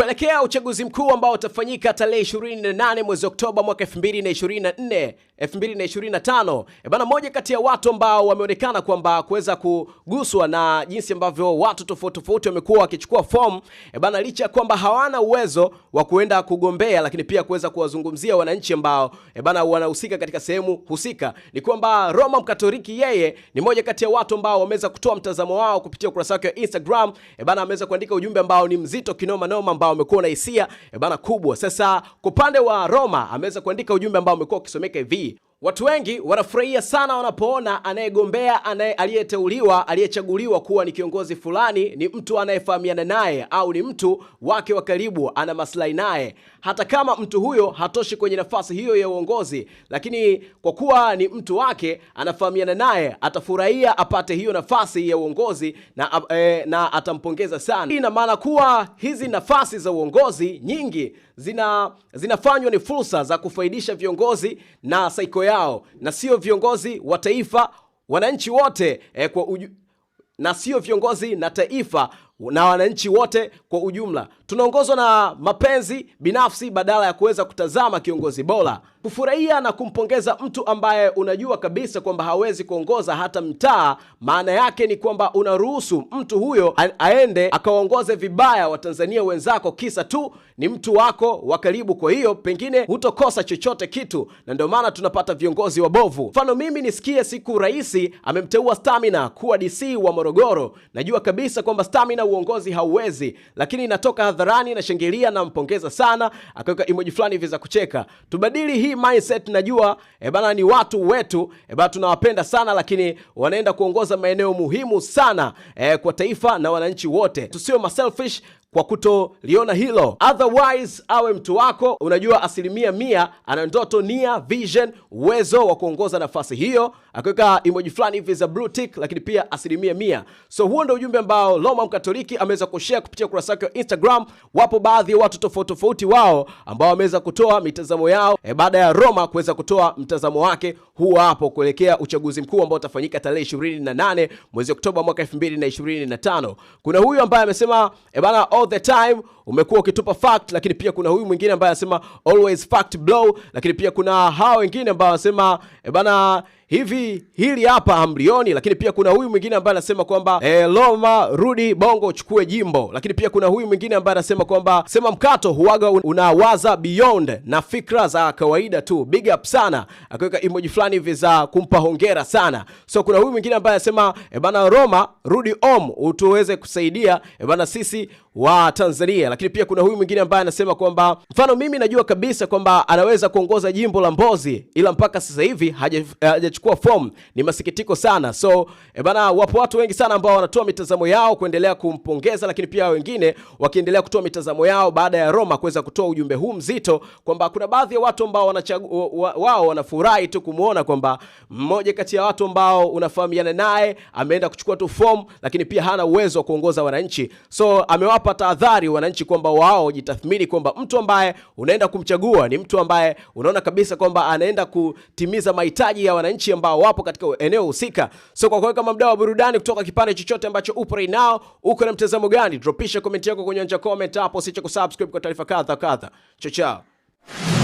Kuelekea uchaguzi mkuu ambao utafanyika tarehe 28 mwezi Oktoba mwaka 2024 2025, eh, bana, moja kati ya watu ambao wameonekana kwamba kuweza kuguswa na jinsi ambavyo watu tofauti tofauti wamekuwa wakichukua fomu eh, bana, licha ya kwamba hawana uwezo wa kuenda kugombea, lakini pia kuweza kuwazungumzia wananchi ambao eh, bana, wanahusika katika sehemu husika, ni kwamba Roma Mkatoliki yeye ni moja kati ya watu ambao wameweza kutoa mtazamo wao kupitia ukurasa wake wa Instagram bana, ameweza kuandika ujumbe ambao ni mzito kinoma noma ambao wamekuwa na hisia eh, bana kubwa. Sasa kwa upande wa Roma ameweza kuandika ujumbe ambao umekuwa ukisomeka hivi Watu wengi wanafurahia sana wanapoona anayegombea anaye aliyeteuliwa aliyechaguliwa kuwa ni kiongozi fulani ni mtu anayefahamiana naye au ni mtu wake wa karibu, ana maslahi naye, hata kama mtu huyo hatoshi kwenye nafasi hiyo ya uongozi, lakini kwa kuwa ni mtu wake, anafahamiana naye, atafurahia apate hiyo nafasi ya uongozi na, e, na atampongeza sana. Hii ina maana kuwa hizi nafasi za uongozi nyingi zina, zinafanywa ni fursa za kufaidisha viongozi na saiko yao na sio viongozi wa taifa, wananchi wote eh, kwa uju na sio viongozi na taifa na wananchi wote kwa ujumla. Tunaongozwa na mapenzi binafsi badala ya kuweza kutazama kiongozi bora. Kufurahia na kumpongeza mtu ambaye unajua kabisa kwamba hawezi kuongoza hata mtaa, maana yake ni kwamba unaruhusu mtu huyo aende akawaongoze vibaya Watanzania wenzako, kisa tu ni mtu wako wa karibu. Kwa hiyo pengine hutokosa chochote kitu, na ndio maana tunapata viongozi wabovu. Mfano mimi nisikie siku rais amemteua Stamina kuwa DC wa Morogoro, najua kabisa kwamba Stamina uongozi hauwezi, lakini natoka hadharani, nashangilia, nampongeza sana, akaweka emoji fulani hivi za kucheka. Tubadili hii hii mindset najua e bana, ni watu wetu e bana, tunawapenda sana lakini wanaenda kuongoza maeneo muhimu sana e, kwa taifa na wananchi wote. Tusiwe selfish kwa kutoliona hilo, otherwise awe mtu wako. Unajua asilimia mia ana ndoto, nia, vision, uwezo wa kuongoza nafasi hiyo, akiweka emoji fulani hivi za blue tick, lakini pia asilimia mia. So huo ndio ujumbe ambao Roma Mkatoliki ameweza kushare kupitia ukurasa wake wa Instagram. Wapo baadhi ya watu tofauti tofauti wao ambao wameweza kutoa mitazamo yao e, baada ya Roma kuweza kutoa mtazamo wake huo hapo kuelekea uchaguzi mkuu ambao utafanyika tarehe 28 mwezi Oktoba mwaka 2025. Kuna huyu ambaye amesema e bana all the time umekuwa ukitupa fact, lakini pia kuna huyu mwingine ambaye anasema always fact blow, lakini pia kuna hao wengine ambao wanasema eh, bana hivi hili hapa hamlioni? Lakini pia kuna huyu mwingine ambaye anasema kwamba e, Loma rudi Bongo chukue jimbo. Lakini pia kuna huyu mwingine ambaye anasema kwamba sema mkato huaga unawaza beyond na fikra za kawaida tu, big up sana, akaweka emoji fulani hivi za kumpa hongera sana. So kuna huyu mwingine ambaye anasema e, bana Roma rudi om utuweze kusaidia e, bana sisi wa Tanzania. Lakini pia kuna huyu mwingine ambaye anasema kwamba mfano mimi najua kabisa kwamba anaweza kuongoza jimbo la Mbozi, ila mpaka sasa hivi haja, haja kuchukua fomu. Ni masikitiko sana. So e bana, wapo watu wengi sana ambao wanatoa mitazamo yao kuendelea kumpongeza, lakini pia wengine wakiendelea kutoa mitazamo yao baada ya Roma kuweza kutoa ujumbe huu mzito kwamba kuna baadhi ya watu ambao wao wanafurahi tu kumuona kwamba mmoja kati ya watu ambao unafahamiana naye ameenda kuchukua tu fomu, lakini pia hana uwezo wa kuongoza wananchi. So amewapa tahadhari wananchi kwamba wao jitathmini kwamba mtu ambaye unaenda kumchagua ni mtu ambaye unaona kabisa kwamba anaenda kutimiza mahitaji ya wananchi wananchi ambao wapo katika eneo husika. So kwa kweli, kama mdau wa burudani kutoka kipande chochote ambacho upo right now, uko na mtazamo gani? Dropisha comment yako kwenye anja comment hapo, usiache kusubscribe kwa taarifa kadha kadha. Chao chao.